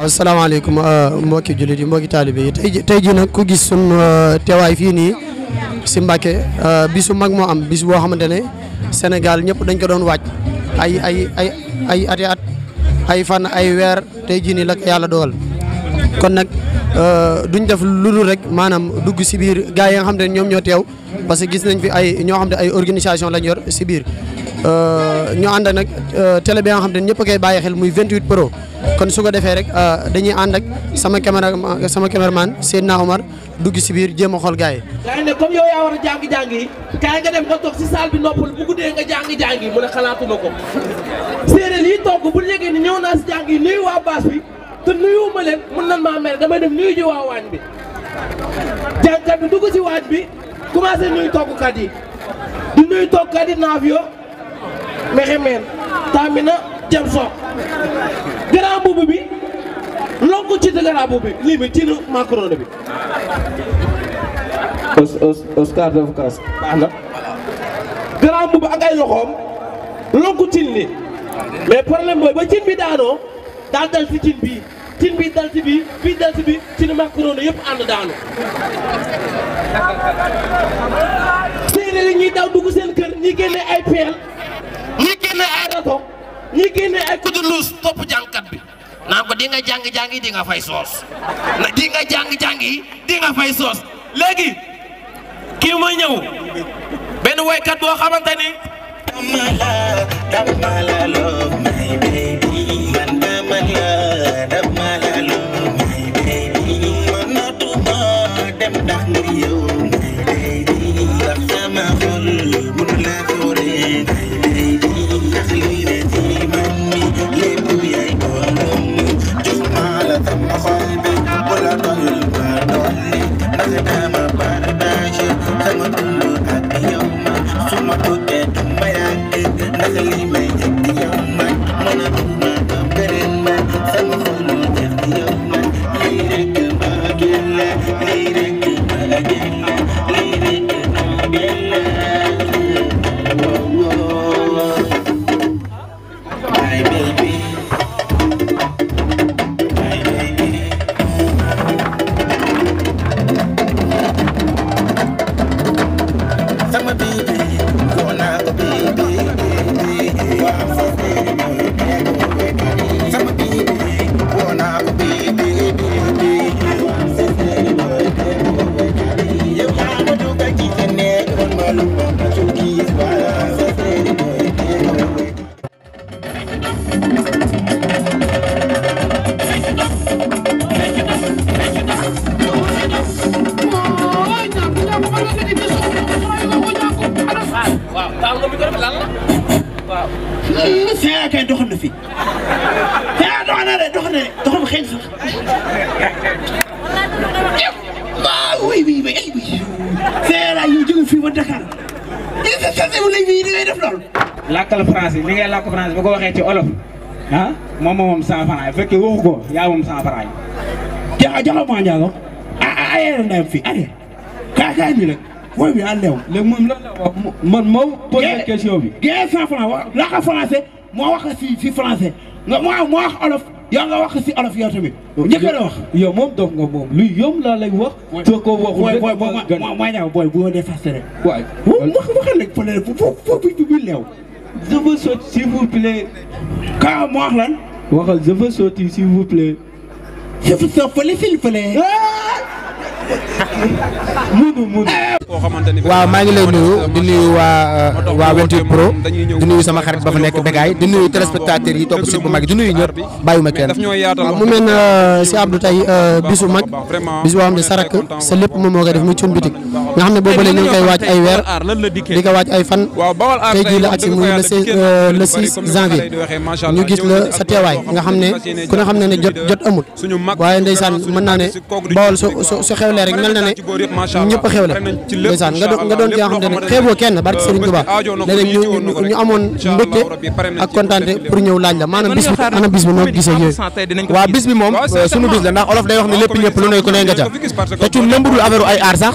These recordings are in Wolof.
waaw salaamaaleykum uh, mbokki jullit yi mbokki taalibe yi tey tey jii nag ku gis sun uh, teewaay fii nii si Mbàkke uh, bisu mag moo am bis boo xamante ne Sénégal ñëpp dañ ko doon waaj ay ay ay ay ati at ay fan ay weer tey jii nii la ko yàlla dogal kon nag duñ def lu dul rek maanaam dugg si biir gars yi nga xam ne ñoom ñoo teew parce que gis nañ fi ay ñoo xam ne ay organisation lañ yor si biir ñoo ànd nag télé bi nga xam ne ñëpp a koy bàyyi xel muy 28 pro. kon su ko defee rek euh, dañuy ànd ak sama caméra sama caméraman Seydina Omar dugg si biir jéem a xool gars yi. nga dem nga toog si salle bi noppal bu guddee nga jàng-jàng yi mu xalaatuma ko séeréer yi togg bu léegi ni ñëw naa si jàng nuyu waa baas bi te nuyuwuma leen mën nan maa mere damay dem nuyu ji waa waañ bi jàngkat bi dugg si waañ bi commencé nuyu toggkat yi di nuyu toggkat yi naaf yo mexe taamina jam soog grand boubou bi lonku ci te grand boubou bi lii bi ci macaroni bi. Oscar dafa kaas baax na grand boubou ak ay loxoom lonku cin li mais problème mooy ba cin bi daanoo daal dal ci cin bii cin bii dal ci bii bii dal cin macaroni yëpp ànd daanu. séeréer yi ñuy daw dugg seen kër ñi génne ay peel ñi génne ay rato. ñi génne ay kudu luus topp jàngkat bi naan ko di jàng jàng yi di fay soos na jàng jàng yi di fay soos léegi kii mooy ñëw benn woykat boo xamante ni. damala damala love my baby man damala damala Thank you. kay doxoon na fi ah doxoon na de doxoon na ay oui. Feera yow jóge fii ba Dakar il se sase wu ne bii da ngay def loolu. làkkal français li ngay làkk français bu ko waxee ci olof ah moom moom 100 francs bu ko yaa moom 100 francs yi. ja joxoon maa njaago ah ah ayoo ndeyam fii allé kaay kaay bi nag. woy bi àndew. léegi moom lan la wax man moo posé question bi. géej 100 francs moo wax si si français nga moo moo wax olof yaa nga wax si olof yow tamit. ñëpp la wax yow moom dof nga moom lu yom laa lay wax. soo ko waxul booy booy maa ñaaw booy bu ma dee fas rek. waay waxal rek peut être foofu bi leew. je veux sortir s'il vous plaît. ka moo wax lan. waxal je veux sortir s'il vous plaît. je veux sortir s'il vous plaît. Ah! Modou Modou. waaw maa ngi lay nuyu di nuyu waa euh, waa 28 pro di nuyu sama xarit ba fa nekk Bégaay di nuyu téléspectateurs yi topp site bu mag di nuyu ñëpp bàyyiwuma kenn. waaw mu mel ne euh, si Abdou tey euh, bisu mag bisu boo xam ne sa rakk sa lépp moom moo koy def muy cun bitik nga xam ne boobu la ñu ngi koy waaj ay weer di ko waaj ay fan tey jii la agsi muy le euh, six le six janvier ñu gis la sa teewaay nga xam ne ku ne xam ne ne jot amul waaye ndeysaan mën naa ne bawol su su xewlee rek nga doon nga nga xam ne ne xeeboo kenn barke Serigne Touba léeg-léeg ñu ñu amoon mbégte ak kontaante pour ñëw laaj la maanaam bis bi maanaam bis bi moom euh, sunu bis la ndax olof day wax ne lépp ñëpp lu ne ku ne nga te ci lëmbudul affaire ay aar sax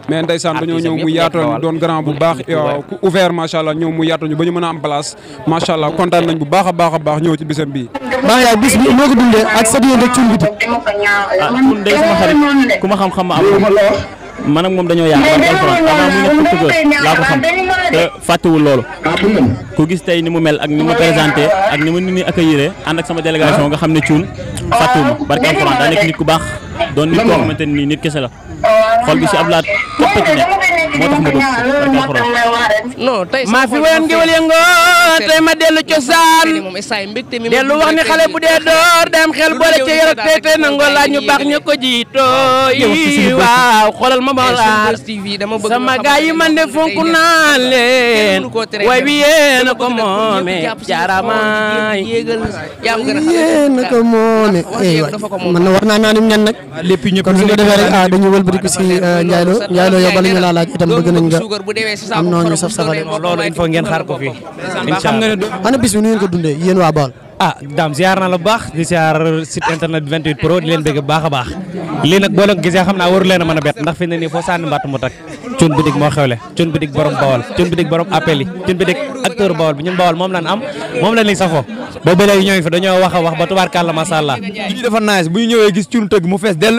mais ndeysaan ñoo ñëw mu yaatoon doon grand bu baax ku ouvert macha allah ñëw mu yaatoon ñu ba ñu mën a am place macha allah kontaan nañ bu baax a baax a baax ñëw ci bisam bii baax yaay bis bi ñoo ko dundee ak sa diggante ak Thioune Boutique ah, ku ma xam-xam ma am man ak dañoo yàq man alxuraan avant muy nekk te ah, loolu ku gis tey ni mu mel ak ni mu présenté ak ni ma nit ñi accueillir ànd ak sama délégation nga xam ne Thioune fàttuma barke alxuraan daa nit ku baax doon nit koo xamante ni nit kese la xol bi si Abdou Lahad képp moo tax nga doon non tey maa fi wayoon ngi wal yëngoo tey ma dellu cosaan dellu wax ni xale bu dee door dem xel boole ca yarat tey tey nangoo laaj ñu baax ñu ko jiitoo yi waaw xoolal ma ma laar sama gaa yi man de fonk naa leen way wi yéena ko moome jaaramaay yéena na war naa naanum ñan nag lépp ñëpp kon su ko defee rek ah, dañuy wëlbatiku si euh, euh, Ndiaye Lo Ndiaye Lo yow bala ñu laa tam bëgg nañ saf safale loolu il ngeen xaar ko fii bis bi nu ngeen ko dundee yéen waa Baol ah daam ziar na la baax di ziar site internet 28 pro a ndax fi ne nii foo sànni mbatt tak cun bidig moo xewle cun bidig borom bawal cun bidig borom appel yi cun bidig acteur bawal bi ñun bawal moom lañ am moom lañ safoo boo ba léegi ñooy fa dañoo wax wax ba tubaarkàlla macha allah. li ñu defoon naaj bu ñu ñëwee gis cun tëgg mu fees dell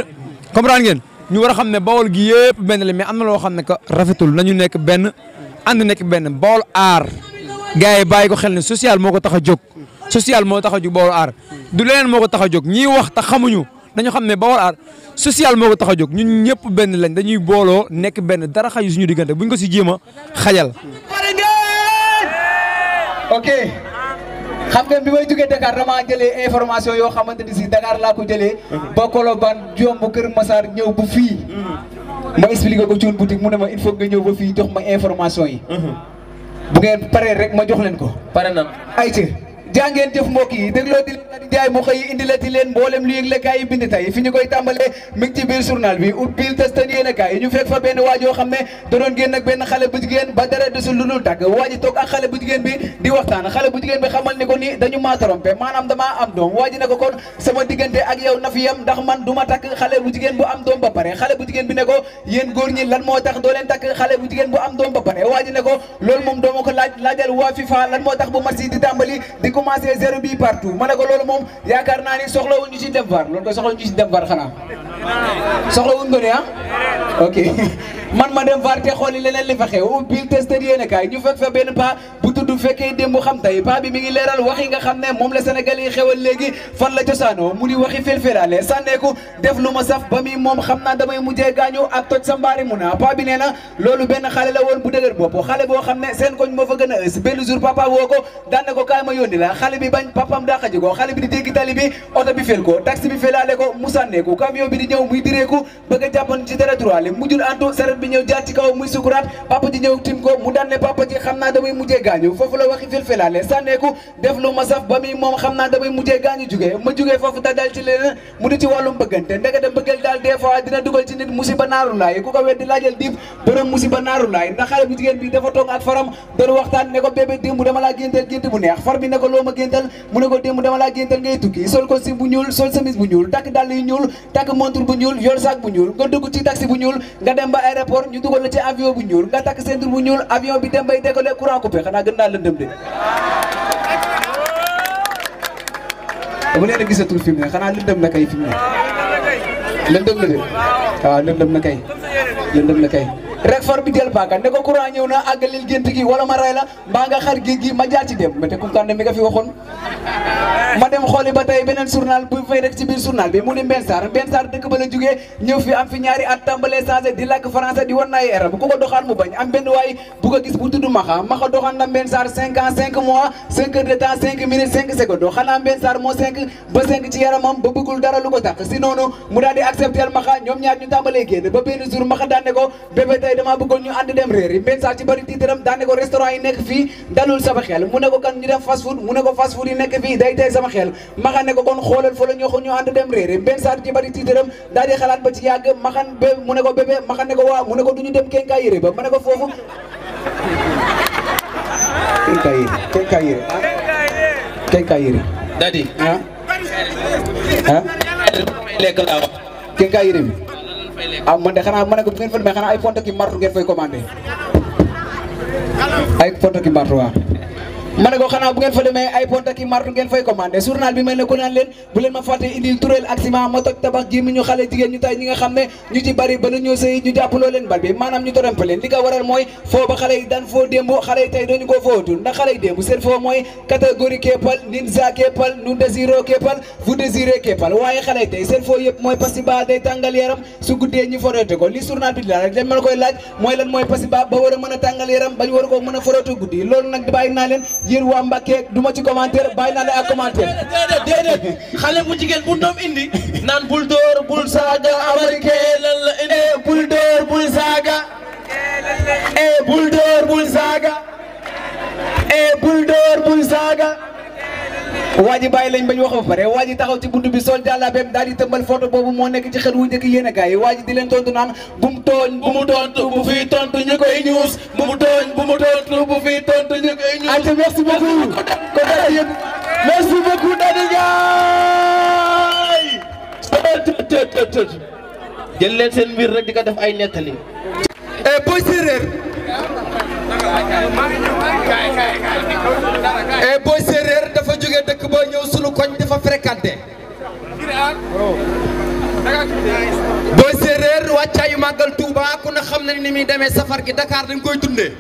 comprendre ngeen. ñu war a xam ne bawol gi yëpp benn le mais am na loo xam ne que rafetul ñu nekk benn ànd nekk benn bawol aar gars yi bàyyi ko xel ne social moo ko tax a jóg social moo tax a jóg bawol aar du leneen moo ko tax a jóg ñiy wax te xamuñu dañu xam ne bawol aar social moo tax a jóg ñun ñëpp benn lañ dañuy booloo nekk benn dara xaju suñu diggante buñ ko si jéem a xajal. xam ngeen bi may jógee Dakar damaa jëlee information yoo xamante ni si Dakar laa ko jëlee ba Colobane jomb Kër Massar ñëw bu fii mm-hmm. ma expliqué ko cuun boutique mu ne ma il nga ñëw ba fii jox ma information yi mm-hmm. bu ngeen paree rek ma jox leen ko pare na ayca jàngeen jëf mbokk yi dégloo di leen Ndiaye mu xëy indilati leen mboolem lu yëgle kaay yi bind tey fi ñu koy tàmbalee mi ngi ci biir journal bi ubbil tëstan yéen a kaay ñu fekk fa benn waajoo xam ne da génn ak benn xale bu jigéen ba dara desul lu dul tàgg waa ji toog ak bi di waxtaan xale bu jigéen bi xamal ni ko ni dañu maa trompé maanaam damaa am doom waa ne ko kon sama diggante ak yow na fi ndax man du ma takk xale bu jigéen bu am doom ba pare xale bu jigéen bi ne ko yéen góor ñi lan moo tax doo leen takk xale bu jigéen commencé zéro bi partout ma ne ko moom yaakaar naa ni soxlawuñu ci dem var loolu ko soxlawuñu ci dem var xanaa soxlawuñu wo ne ah man ma dem varte xooli leneen li fa xew ubbil testeur yéen a kaay ñu fekk fa benn paa bu tudd fekkee démb xam tey paa bi mi ngi leeral wax nga xam ne moom la Sénégal yi xewal léegi fan la cosaanoo mu di waxi filfilaale sànneeku def lu ma saf ba muy moom xam naa damay mujjee gaañu ak toj sa mbaari mu naa paa bi nee loolu benn xale la woon bu dëgër bopp xale boo xam ne seen koñ moo fa gën a ës benn jour papa woo ko daan na ko kaay ma yónni la bi ñëw jaar ci kaw muy sukuraat papa ji ñëw tim ko mu daan ne papa ji xam naa damay mujjee gaañu foofu la waxi filfilaale sànneeku def lu ma saf ba muy moom xam naa damay mujjee gaañu jugee ma jugee foofu da dal ci leneen mu di ci wàllum bëggante ndeke da bëggal daal des fois dina dugal ci nit musiba naaru laay ku ko weddi laajal diib borom musiba naaru laay ndax xale bu jigéen bi dafa toog ak faram doon waxtaan ne ko bébé démb mu dama laa géntal aéroport ñu dugal la ci avion bu ñuul nga takk ceinture bu ñuul avion bi dem bay décoller courant coupé xanaa gën naa lëndëm de. dama leen a gisatul fi mu ne xanaa lëndëm na kay de lëndëm na kay lëndëm na kay. rek far bi del paaka ne ko courant ñëw na àggalil gént gi wala ma rey la mbaa nga xar géej gi ma jaar ci dem mais te kumkande mi nga fi waxoon. ma dem xooli ba tey beneen journal bu fay def ci biir bi mu ni Mbène Sarr Mbène Sarr dëkk ba la jógee ñëw fi am fi ñaari at tàmbalee changé di làkk français di wan naa bu ko ko doxaan mu bañ am benn waay bu gis bu tudd Maxa Maxa doxaan na Mbène Sarr 5 ans 5 mois 5 heures de temps 5 minutes 5 secondes xanaa Mbène Sarr moo 5 ba 5 ci yaramam ba bëggul dara lu ko tax si noonu mu daal di accepter Maxa ñoom ñaar ñu tàmbalee génn ba benn jour Maxa daan ne ko bébé tey nekk fii day tey sama xel maxan ne ko kon ñu ànd dem réere ci bari tiitaram xalaat ba ci yàgg maxan ne ko bébé maxan ko waa ko du ñu dem kenkaa yére ba ma ne ko foofu kenkaa yére kenkaa yére kenkaa yére dadi ah, ah? yére bi ah man de xanaa ma ne ko ngeen fa demee xanaa ay ponto ki martu ngeen fay commandé ay ponto ki martu ma ne ko xanaa bu ngeen fa demee ay pont ak i ngeen fay commandé journal bi ma nga xam ne ñu ci bari leen bal bi maanaam ñu torompe leen li ko waral mooy foo ba xale yi daan foo démb xale yi waaye xale yi tey seen foo yëpp mooy pasiba su guddee ñi foroote ko li journal bi di laaj mooy lan mooy pasiba ba war a mën a tàngal yaram bañ war koo mën a foroote guddi loolu nag bàyyi naa leen yéen waa Mbacké du ma ci commentaire bàyyi naa la ak commentaire. déedéet déedéet xale bu jigéen bu doom indi naan bul bul saaj waa ji bàyyi lañ bañ wax ba pare waa ji taxaw ci buntu bi sol jàllaabeem daal di tëmbal photo boobu moo nekk ci xel wu njëkk yéen a gars yi waa ji di leen tontu naan bu mu tooñ bu mu tontu bu fi tontu ñu koy ñuus bu mu tooñ bu mu tontu bu fi tontu ñu koy ñuus. ayca merci beaucoup kon daal di yëg merci beaucoup Dady Ndiaye. jël leen seen mbir rek di ko def ay nettali. et eh, boy séeréer. et eh, boy séeréer. jógee dëkk boo ñëw sunu koñ dafa booy séeréer wàccaayu màggal Touba ku xam na ni muy demee safar gi Dakar dañ koy dunde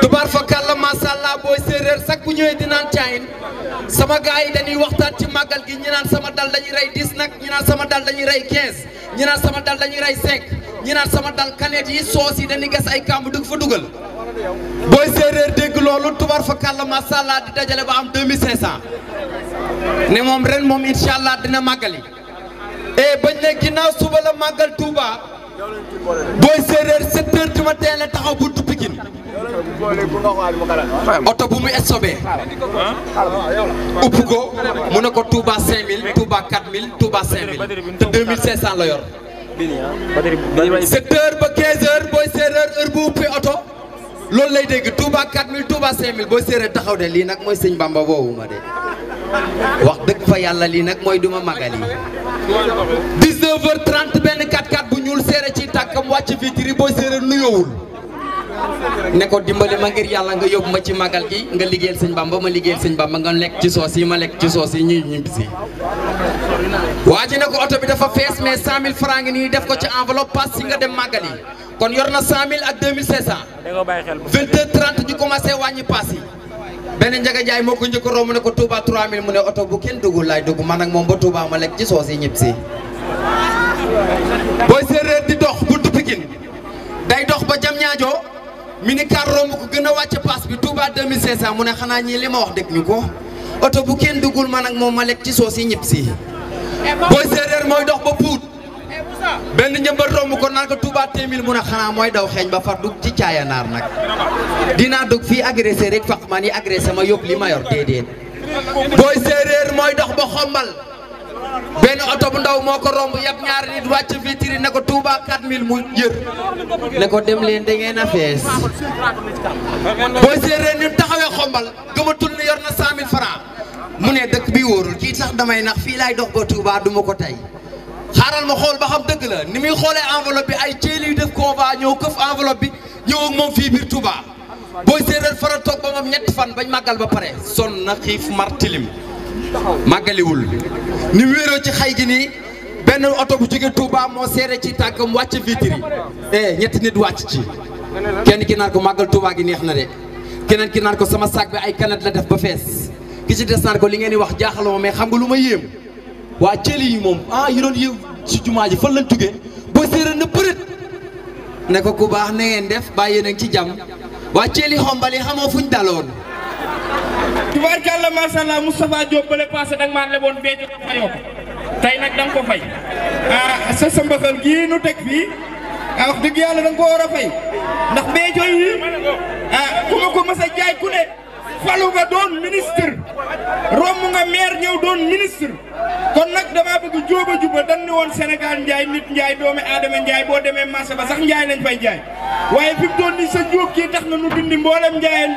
tubaar fa kàlla masàllaa booy séeréer sax bu ñëwee dinaan caayin sama gars yi dañuy waxtaan ci màggal gi ñi naan sama dal dañuy rey 10 nag ñi naan sama dal dañuy rey 15 ñi sama dal dañuy rey 5 ñi naan sama dal kanet yi soos yi dañuy gas ay kàmb dugg fa dugal booy séeréer dégg loolu tubar fa kàlla macha allah di dajale ba am 2500 ne moom ren moom incha allah dina màggali. e bañ ne ginnaaw suba la màggal Touba. booy séeréer 7 heures du matin la taxaw buntu Pikine. oto bu mu esobee. upp ko mu ne ko Touba 5000 Touba 4000 Touba 5000 te 2500 la yor. 7 heures ba 15 heures booy séeréer heure bu uppee oto. loolu lay dégg Touba 4000 Touba 5000 boo séeree taxaw de lii nag mooy sëñ Bamba woowu ma de wax dëgg fa yàlla lii nag mooy duma magal yi 19h30 benn 4x4 bu ñuul séeree ci tàkkam wàcc vitre yi boo séeree nuyoowul ne ko dimbale ma ngir yàlla nga yóbbu ma ci màggal gi nga liggéeyal sëñ Bamba ma liggéeyal sëñ Bamba nga lekk ci soos yi ma lekk ci soos yi ñuy ñibbisi waa ji ne ko oto bi dafa fees mais 100000 francs ngi nii def ko ci enveloppe pass si nga dem màggal yi kon yor na 100000 ak 2500. 22h30 wàññi pass yi. benn Ndiaga Ndiaye moo ko njëkk a romb ne ko Touba 3000 mu ne oto bu kenn dugul laay dugg man ak moom ba Touba ma lekk ci soos yi ñibbisi. booy séeréer di dox bu minicar romb ko gën a wàcc paas bi Touba 2500 mu ne xanaa ñii li ma wax dégg ñu ko oto bu kenn duggul man ak moom ma lekk ci soos yi ñëpp si. booy séeréer mooy dox ba puut. benn njëmbat romb ko naan ko Touba 1000 mu ne xanaa mooy daw xeeñ ba fa dugg ci caayanaar nag. dinaa dugg fii agressé rek faq man yi agressé ma yóbbu li ma yor déedéet. booy séeréer mooy dox ba xombal. benn oto bu ndaw moo ko romb yab ñaari nit wàcc vitre ne ko Touba 4000 mu jër ne ko dem leen da ngeen a fees booy séeréer ni taxawee xombal gëmatul ne yor na 100000 francs mu ne dëkk bi wóorul kii tax damay nax fii laay dox ba Touba du ko tey xaaral ma xool ba xam dëgg la ni muy xoolee enveloppe bi ay ceeli yu def convoi ñëw këf enveloppe bi ñëw ak moom fii biir Touba booy séeréer fara toog ba moom ñetti fan bañ màggal ba pare sonn na xiif mar tilim màggaliwul ni mu wéeroo ci xay gi nii benn oto bu jóge tuubaa moo seere ci tàkkam wàcc vitre yi eh, ñetti nit wàcc ci kenn ki naan ko màggal Touba gi neex na de keneen ki naan ko sama sac bi ay canette la def ba fees ki ci des naan ko li ngeen di wax jaaxaloo ma mais xam nga lu ma yéem waa cëli yi moom ah yi doon yéem ci jumaa ji fan lañ tugee boo séeréer na përët ne ko ku baax na ngeen def bàyyi nañ ci jàmm waa cëli xombal yi xamoo fuñ daloon tubaarkàlla macha allah Moustapha Diop bële passé danga maa leboon bee jot a fayoo tey nag danga ko fay ah sa sa mbaxal gii nu teg fii ah wax dëgg yàlla danga ko war a fay ndax bee jooy yi ah ku ko masa a jaay ku ne falu nga doon ministre romb nga maire ñëw doon ministre kon nag dama bëgg jóoba juba dañ ne woon senegal njaay nit njaay doomi aadama njaay boo demee marché ba sax njaay lañ fay jaay waaye fi mu toll sa jóob kii tax na nu dindi mboolem njaayeen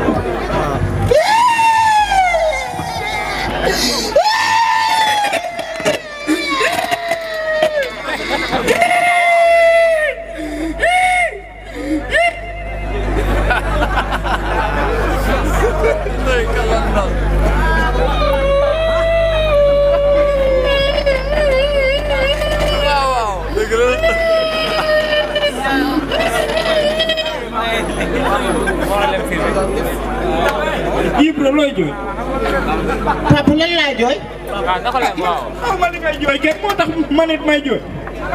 jooy. papa lan laa jooy. waaw naka la waaw. ma jooy kenn moo tax man it may jooy.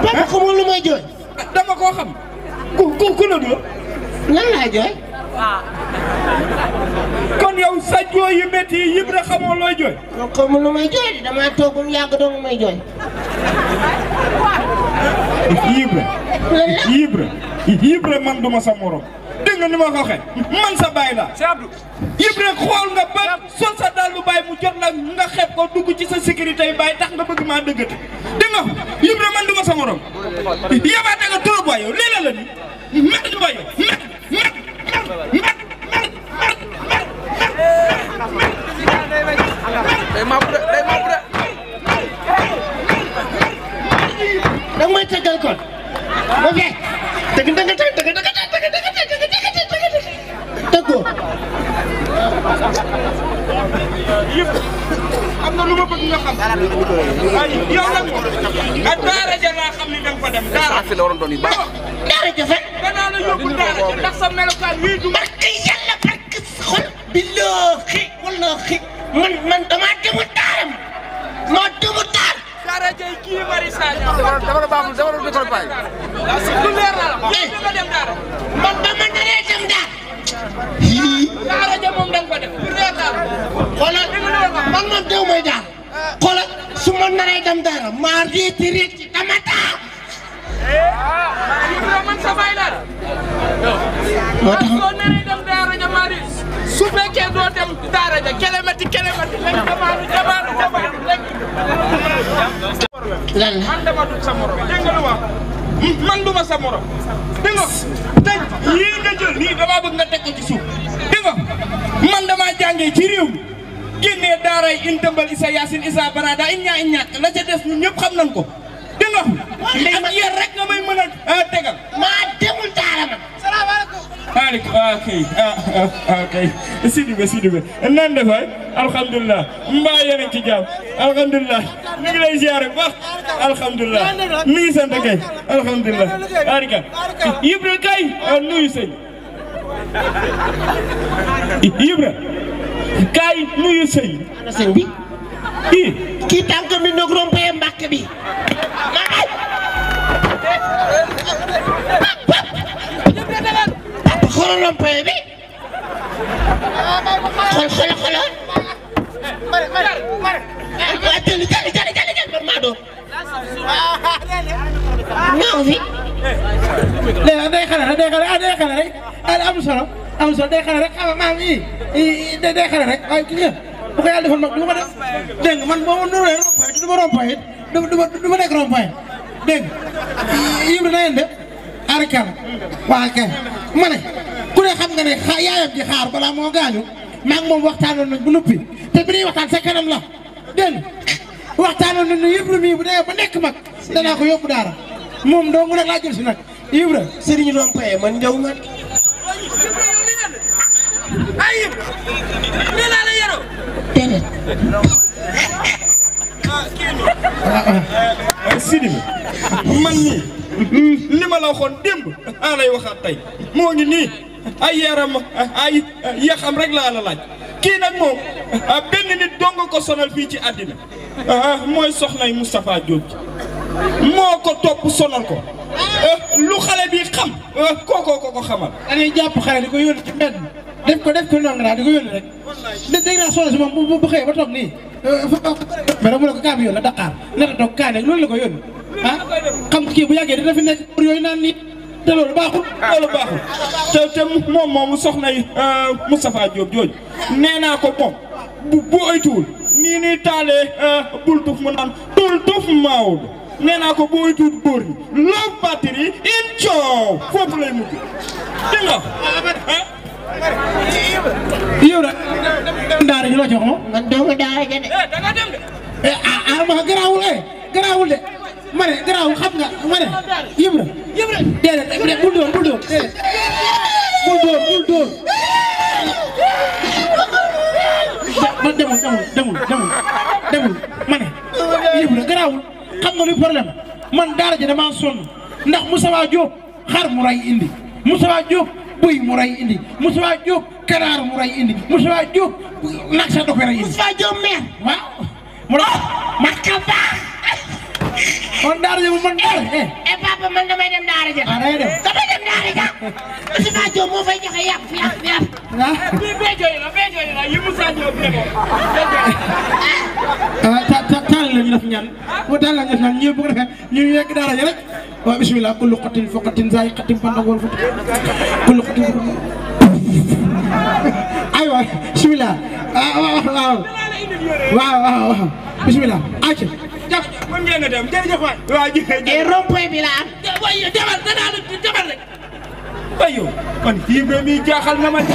papa xamul may jooy. dama koo xam. ku ku ku la dóor. lan laa jooy. Ah. kon yow sa jooy yu métti yi yëpp rek xamoo looy jooy. lu may jooy de damaa toogul yàgg dong may jooy. Ibra Ibra Ibra man duma sa morom dégg nga ni ma ko man sa baay laa. Ibra xool nga ba sol sa dàllu baay mu jot la nga xeeb ko dugg ci sa sécurité baay tax nga bëgg maa dëggate dégg nga Ibra man du ma sa morom yabaate nga trop waay tëggal kon ok dëgg dëgg dëgg yëpp am na lu ma bëgg nga xam. waaye yow nag ak daara ja laa xam ni da nga fa dem. daara fi la waroon doon yu baax. daara ja fekk. danaa la yóbbu daara ja ndax sa melokaan wii du. barke yàlla barke xol. billaahi wallaahi man man damaa demu daara ma. maa demu daara. daara ja kii bari saa ñaar. dama dama la baaxul dama la micro paay. lu leer la la. mais man ba ma naree dem daara. daara ja moom da nga ko def pour yaakaar xoolal man moom déw may daal xoolal su ma naree dem daara maa riiti riiti dama taa ah, man sa bay la moo tax soo naree dem daara ja maa riit su fekkee doo dem daara ja kelemati kelemati lañ jamaalu jamaalu jamaalu lañ lan la man dama dul sa morom dégg nga lu wax man du ma sa morom dégg nga te lii nga jël nii damaa bëgg nga teg ko ci suuf dégg nga man damaa jàngee ci réew mi génnee daaray in i sa yaasin isa barada in ñaa in la ca des ñun ñëpp xam nañ ko waxu. li ak yéen rek nga may mën a euh, tegal. maa demul taala ma. salaamaaleykum. maaleykum ah kay ah, ah kay Sidibé Sidibé nan dafay ci jàmm alhamdulilah ñu ngi lay ziar bu baax alhamdulilah mi ngi sant kay alhamdulilah. barika ah, kay nuyu sëñ Ibra kay nuyu sëñ. ana sëñ bi. kii tànk mi nag Mbàkke bi xoolal lompoñ bi xool xool xoolal waaw jëli jëli jëli jëli jëli man maa doon ñaaw fi. léegi ah, day ah, xale rek day xale ah day xale rek am solo am solo day xale rek xam ah, nga maam yi day xale rek waaye ki nga. bu ko yàlla defal nag du ma ko def dégg nga man boo ma nuuree rompaay du ma rompaay it du ma du ma nekk rompaay dégg nga yëngu na ngeen def arikal ma ne ku ne xam nga ne xa yaayam ji xaar balaa moo gaañu ma ngi moom waxtaanoon nañ bu noppi te bi ñuy waxtaan sa kanam la dégg waxtaanoon nañ ne yëpp mii bu dee ba nekk mag danaa ko yóbbu daara moom dong nag laa jël si nag yëpp la sëriñ rompaay man ñëw ayib nee naa la yaroo. déedéet. Ah, ah, Sidi man nii li ma la waxoon démb a ah, lay waxaat tey moo ngi nii ay yaram ay yaxam rek laa la laaj kii nag moom benn nit dong ko sonal fii ci àddina mooy soxnay Moustapha Diop moo ko topp sonal ko lu xale bi xam kookoo xamal. da ngay jàpp xale di ko yónni ci mbedd def ko def ko ndong naa di ko yónni rek de dégg naa soxna si moom bu bu xëyee ba toog nii euh, mais ko kaa ah, kii bu yàggee dina fi nekk pour yooyu te loolu baaxul ah, loolu baaxul te te moom moomu soxna yi euh, Moustapha naa ko moom bu bu oytuwul nii nii taalee euh, bul tuf mu naan bul tuf Maodo nee naa ko bu oytuwul góor ñi loo batterie in coow foofu lay mujj dégg yow da daara ñu la jox moom. man doomu daara ja de. Eh, eh, ah ah ma garaawul eh garaawul de ma ne garaawul xam nga ma ne Ibra. Ibra déedéet bul doon bul doon déedéet bul doon bul doon. man demul demul demul demul demul ma ne Ibra garaawul xam nga lu problème man daara ja damaa sonn ndax Moussa Diop xar mu ray indi Moussa Diop. bëy mu rey indi Moustapha Diop kanaar mu rey indi Moustapha Diop nag sa dofe rey indi Moustapha Diop meer waaw mu doon mat ka baax daara ja bu eh, eh. eh, man daara dem daara ja ah damay dem damay dem daara ja fay joxe yàpp fi yàpp fi yàpp bi ah. béjooy la béjooy la yi Moustapha Diop ne ko ah ta ta la ñu def ñaan mo ta daara ja rek waaw bismillah kullu xatin foqatin zaay xatin pandang wal foti kullu xatin ay waay bismillah ah, waaw waaw waaw waaw bismillah acca jàpp mën ngeen a dem jërëjëf waay waaw jërëjëf eh, rond-point bi la am eh, waay demal danaa la demal rek waay yow man fii ba mi jaaxal na ma ah!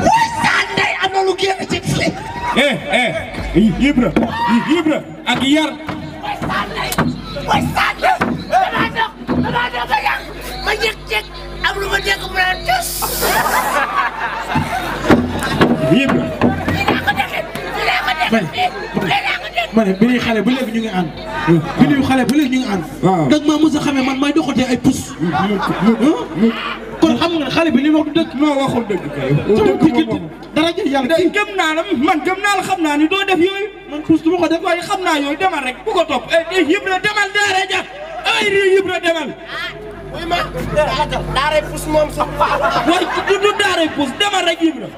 waay saa ndey am na lu génn ci eh eh Ibra Ibra ak yar. mooy sànni mooy sànni damaa dox damaa dox ba yàgg ma jékki-jékki am lu ma dégg mu naan tos. Ibra. dinaa ko dégg dinaa ko dégg dinaa ko dégg. ma ne bi ñuy xale ba léegi ñu ngi ànd. bi ñuy xale ba léegi ñu ngi ànd. waaw dag maa mos a xamee man may doxatee ay pousse. kon xam nga xale bi li wax du dëgg. non waxul dëgg kay. dëgg dara jël yàlla ci gëm naa la man gëm naa la xam naa ni doo def yooyu. man puus du ma ko def waaye xam naa yooyu demal rek bu ko topp ay yëpp la demal daara ja ay yëpp la demal. oui ma daaray puus moom sax. waaye du du daaray puus demal rek yëpp la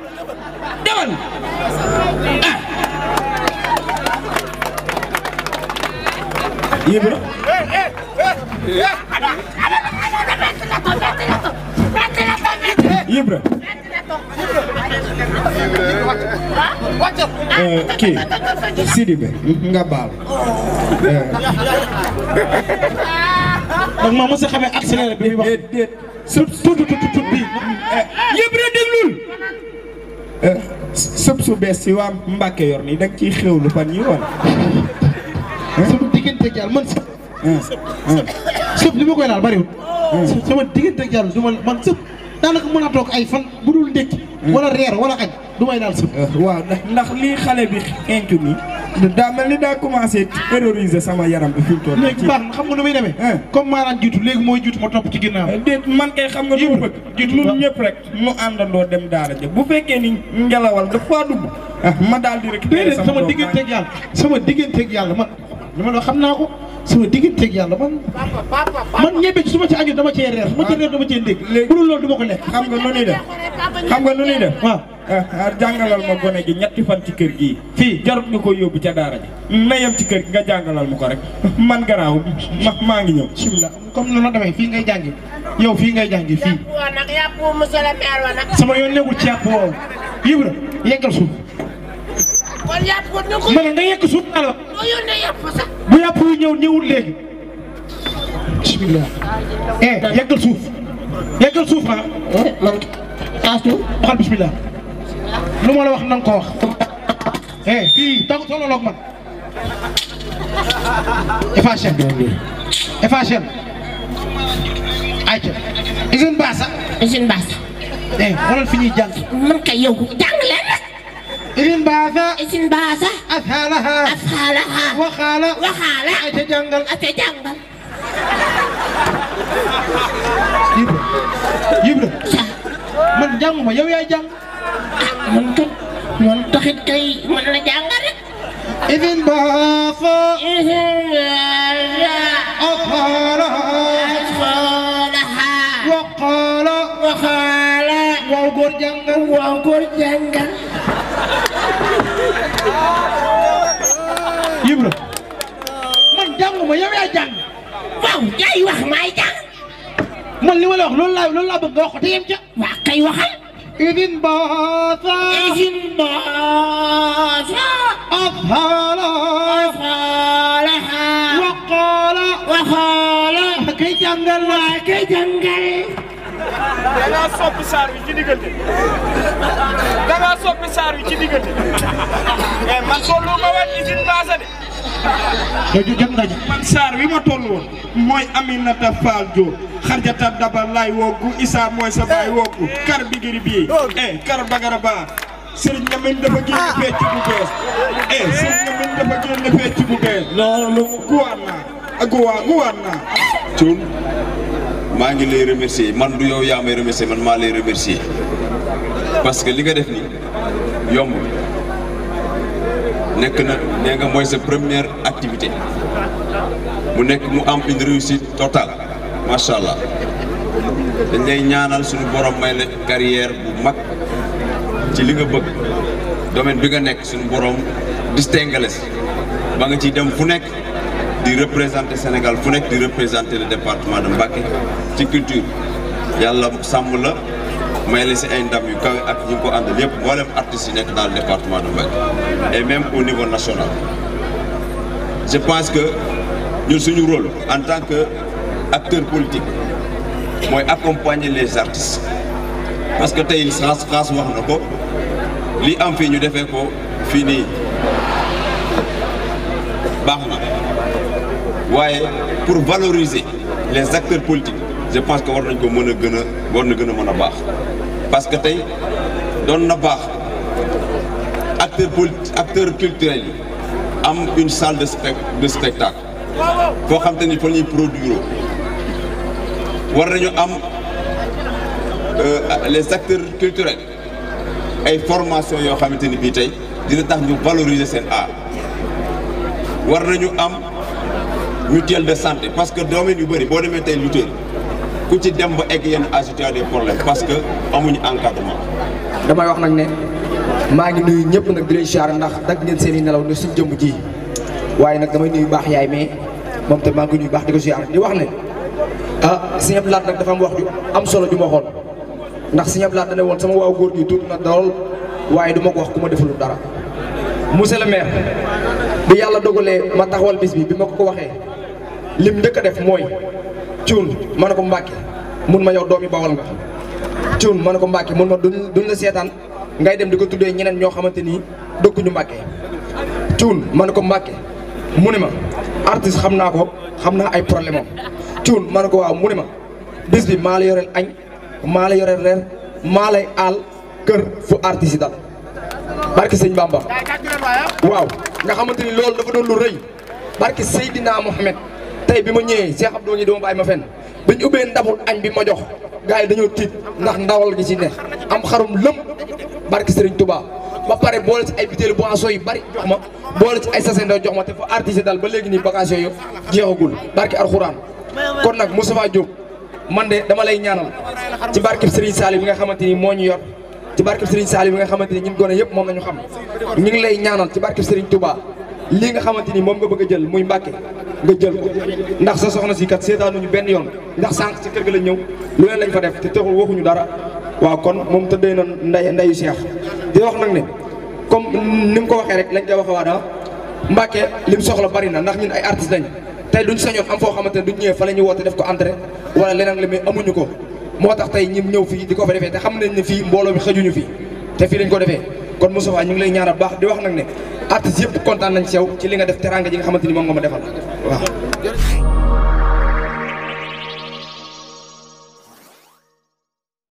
demal ah. yëpp la. Ibra. kii Sidibé nga baal. Eh. donc maa mos a xamee accéléré bi muy wax. déedéet sëb tuuti tuuti tuuti bii. Eh. Ibra déglul. Eh, sëb su bees si waa Mbàkke yor nii da nga ciy xéwlu fan yii woon. sama diggante jaar man sëb. sëb li ma koy laal bariwul. sama diggante ak yàlla du ma man sëpp daanaka mën a toog ay fan bu dul ndékki hmm. wala reer wala añ du may daal sëpp eh, waaw ndax ndax lii xale bi xencu nii daa mel ni daa commencé terroriser sama yaram bi fi mu toll léegi baax xam nga nu muy demee eh. comme maanaam jiitu léegi mooy jiitu ma topp ci ginnaaw eh, déet man kay xam nga lu bëgg jiitu ñun ñëpp rek mu àndandoo dem daara ja bu fekkee ni ngelawal dafa dugg ma daal di rek sama diggante ak yàlla sama diggante ak yàlla man li ma loo xam naa ko sama digganteeg yàlla man. man ñebe suma ci añu dama cee reer su ma ci reer dama cee ndékk. léegi budul loolu du ma ko lekk. xam nga nu ñuy def xam nga nu ñuy def. jàngalal ma gone gi ñetti fan ci kër gi fii jarut nga ko yóbbu ca daara ji. na yem ci kër gi nga jàngalal ma ko rek. man garaaw ma maa ngi ñëw. bisimilah comme noonu la demee fii ngay jàngi yow fii ngay jàngi fii. sama yoon nekkul ci yàpp woowu. yëngal suuf. ma ne nga yekk suuf alors bu yàpp wi ñëw ñëwul léegi bismillah eh yeggal suuf yeggal suuf ah. Eh, ma la wax na ko wax. eh loog man. Efachem Efachem. ayca Baasa. usine Baasa. Ah. Eh, fi ñuy jàng. leen إنباث إنباث أثالها أثالها وخال وخال أتجنغل أتجنغل Ibra Ibra man jàng ma yow yaay jàng ah man kat man taxit kay man la jàngal rek إذن باث إذن أثالها أثالها وقال وخال waaw góor jàngal waaw góor jàngal jànguma yow yaa jàng. waaw yaay wax maay jàng. man li ma la wax loolu laa loolu laa bëgg nga wax ko te yem ca. waa kay waxal. idin baasa. idin baasa. asxaala. asxaala. waqaala. waqaala. kay jàngal waa kay jàngal. da ngaa soppi saar wi ci diggante da ngaa soppi saar wi ci diggante mais eh, man soo lu ma wax idin baasa de. jot nga man saar wi ma toll woon mooy Aminata Fall Diop xarjata daba lay woogu Issa mooy sa baay woogu kar bigiri bii eh kar bagara baa Serigne dafa génn ah. fecc bu bees eh Serigne Lamine dafa génn fecc bu bees loolu guwaat naa guwaa guwaat naa Thioune maa ngi lay remercier man du yow yaa may remercier man maa lay remercier parce que li nga def ni yomb nekk na nee nga mooy sa première activité mu nekk mu am une réussite totale macha allah dañ lay ñaanal suñu borom may la carrière bu mag ci li nga bëgg domaine bi nga nekk suñu borom distingué la si ba nga ciy dem fu nekk di représenter Sénégal fu nekk di représenter le département de Mbacké ci culture yàlla sàmm la. may la si ay ndam yu kawe ak ñi ngi ko àndal yëpp mboolem artistes yi nekk dans le département de et même au niveau national je pense que ñu suñu rôle en tant que acteur politique mooy accompagner les artistes parce que tey France France wax na ko li am fii ñu defee ko fii nii baax na waaye pour valoriser les acteurs politiques je pense que war nañ ko mën a gën a war na gën a mën a baax parce que tey doon na baax acteur politique acteur culturel yi am une salle de spec de spectacle foo xam te ni fa ñuy produire war nañu am euh, les acteurs culturels ay formation yoo xamante ni bii tey dina tax ñu valoriser seen art war na ñu am mutuelle de santé parce que domaine yu bëri boo demee tey lutteur ku ci dem ba egg yenn à situation des parce que amuñu encadrement. damay wax nag ne maa ngi nuyu ñëpp nag di leen siyaar ndax dagg ngeen seen nelaw ne si jëmm ji waaye nag damay nuyu baax yaay mais moom te maa ngi nuyu baax di ko siyaar di wax ne ah sëñ laat Lahad nag dafa am wax ju am solo ju ma xool ndax sëñ Abdou Lahad woon sama waaw góor gi tuuti na lool waaye du ma ko wax ku ma deful dara monsieur le maire bi yàlla dogalee ma taxawal bis bi bi ma ko ko waxee lim njëkk a def mooy. cuun ma ne ko Mbàkke mun ma yow doomi Bawol nga cuun ma ne ko Mbàkke mun ma duñ la seetaan ngay dem di ko tuddee ñeneen ñoo xamante nii dëkkuñu Mbàkke cuun ma ne ko Mbàkke mu ne ma artiste xam naa ko xam naa ay problème am cuun ma ne ko waaw mu ne ma bis bi maa la yoreel añ maa la yoreel reer maa lay aal kër fu artiste dal barki sëñ Bamba ah. waaw nga xamante ni loolu dafa doon lu rëy barki Seydina Mohamed tey bi ma ñëwee Cheikh Abdou ngi dama bàyyi ma fenn bi ñu ubbee ndabul añ bi ma jox gars yi dañoo tiit ndax ndawal gi ci ne am xarum lëm barke sëriñ tubaa ba pare boole ci ay bitéelu boisson yu bari jox ma boole ci ay sase ndaw jox ma te fa artisé daal ba léegi nii vacances yooyu jeexagul barke Alxuraan kon nag Moustapha Diop man de dama lay ñaanal ci barke Serigne Saliou bi nga xamante ni moo ñu yor ci barke Serigne Saliou bi nga xamante ni ñun gone yëpp moom la ñu xam ñu ngi lay ñaanal ci barke Serigne Touba. lii nga xamante ni moom nga bëgg a jël muy mbàkke nga jël ko ndax sa soxna si kat ñu benn yoon ndax sànq ci kër gi lañ ñëw lu leen lañ fa def te taxul waxuñu dara waaw kon moom tëddee na nday ndayu Cheikh di wax nag ne comme ni mu ko waxee rek lañ koy waxee waa daa ah, mbàkke lim soxla bari na ndax ñun ay artistes lañ tey duñ sañoon am foo xamante ne duñ ñëwee fa la ñuy woote def ko entrée wala leneen li mais amuñu ko moo tax tey ñiim ñëw fii di ko fa defee te xam nañ ne fii mbooloo bi xëjuñu fii te fii lañ ko defee kon Moustapha ñu ngi lay ñaanal baax di wax nag ne artistes yëpp kontaan nañ ci yow ci li nga def teraanga ji nga xamante ni moom nga ma defal waaw.